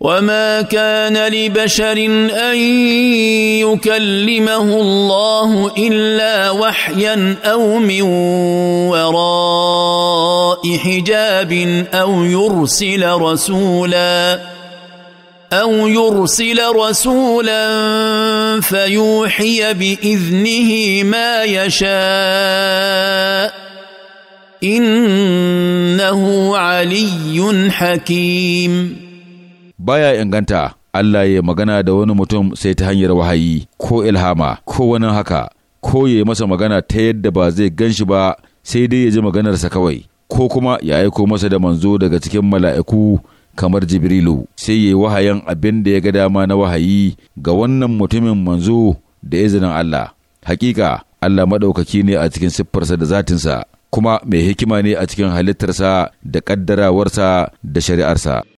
وما كان لبشر ان يكلمه الله الا وحيا او من وراء حجاب او يرسل رسولا او يرسل رسولا فيوحي باذنه ما يشاء انه علي حكيم baya inganta Allah ya magana da wani mutum sai ta hanyar wahayi ko ilhama ko wani haka ko ya masa magana ta yadda ba zai gan shi ba sai dai ya ji maganarsa kawai ko kuma ya aiko masa da manzo daga cikin mala'iku kamar Jibrilu sai ya yi wahayan abin da ya ga dama na wahayi ga wannan mutumin manzo da izinin Allah. Hakika Allah maɗaukaki ne a cikin siffarsa da zatinsa kuma mai hikima ne a cikin halittarsa da ƙaddarawarsa da shari'arsa.